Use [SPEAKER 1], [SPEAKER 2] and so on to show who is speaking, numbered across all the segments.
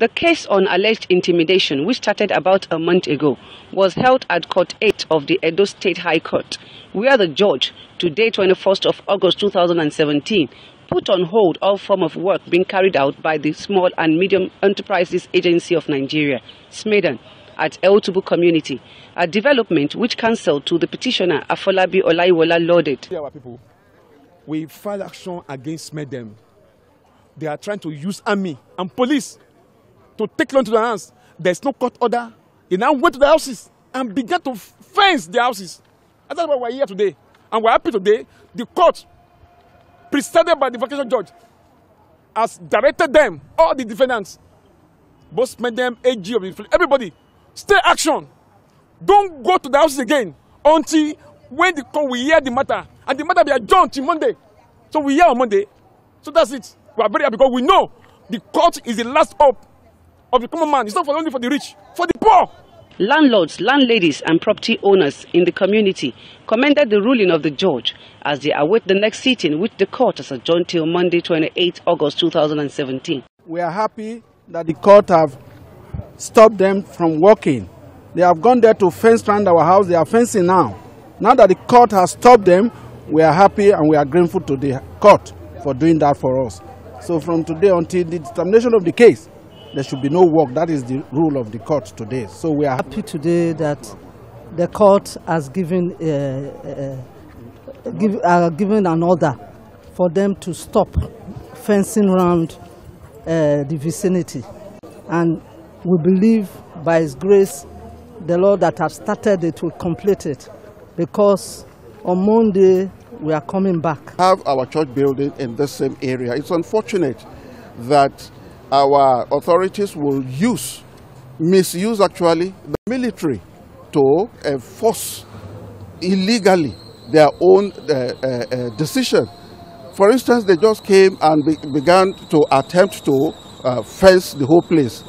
[SPEAKER 1] The case on alleged intimidation, which started about a month ago, was held at Court 8 of the Edo State High Court, where the judge, today 21st of August 2017, put on hold all form of work being carried out by the Small and Medium Enterprises Agency of Nigeria, SMEDAN, at Eltubu Tubu community, a development which counsel to the petitioner Afolabi Olaiwola lauded. Our people, we file action against SMEDAN. They are trying to use army and police
[SPEAKER 2] to take loan to their hands. There's no court order. They now went to the houses and began to fence the houses. And that's why we're here today. And we're happy today. The court, presided by the vacation judge, has directed them, all the defendants, both men, them, AG of the everybody, stay action. Don't go to the houses again until when the court we hear the matter. And the matter be adjourned till Monday. So we hear on Monday. So that's it. We are very happy because we know the court is the last hope
[SPEAKER 1] of the common man. It's not for only for the rich, for the poor. Landlords, landladies, and property owners in the community commended the ruling of the judge as they await the next sitting, which the court has adjourned till Monday, 28 August 2017.
[SPEAKER 3] We are happy that the court have stopped them from working. They have gone there to fence around our house. They are fencing now. Now that the court has stopped them, we are happy and we are grateful to the court for doing that for us. So from today until the determination of the case,
[SPEAKER 4] there should be no work. That is the rule of the court today. So we are happy today that the court has given, uh, uh, give, uh, given an order for them to stop fencing around uh, the vicinity. And we believe by His grace, the Lord that have started it will complete it because on Monday we are coming back. Have our
[SPEAKER 5] church building in this same area. It's unfortunate that our authorities will use, misuse actually, the military to enforce illegally their own uh, uh, uh, decision. For instance, they just came and be began to attempt to fence the whole
[SPEAKER 1] place.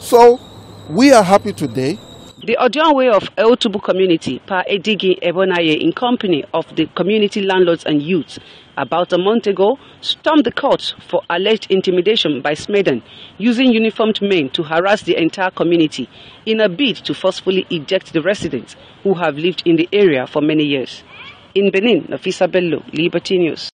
[SPEAKER 1] So we are happy today the Odionwe of Eotubu community, Pa Edigi Ebonaye, in company of the community landlords and youths, about a month ago, stormed the court for alleged intimidation by Smeden, using uniformed men to harass the entire community in a bid to forcefully eject the residents who have lived in the area for many years. In Benin, Nafisa Bello, Liberty News.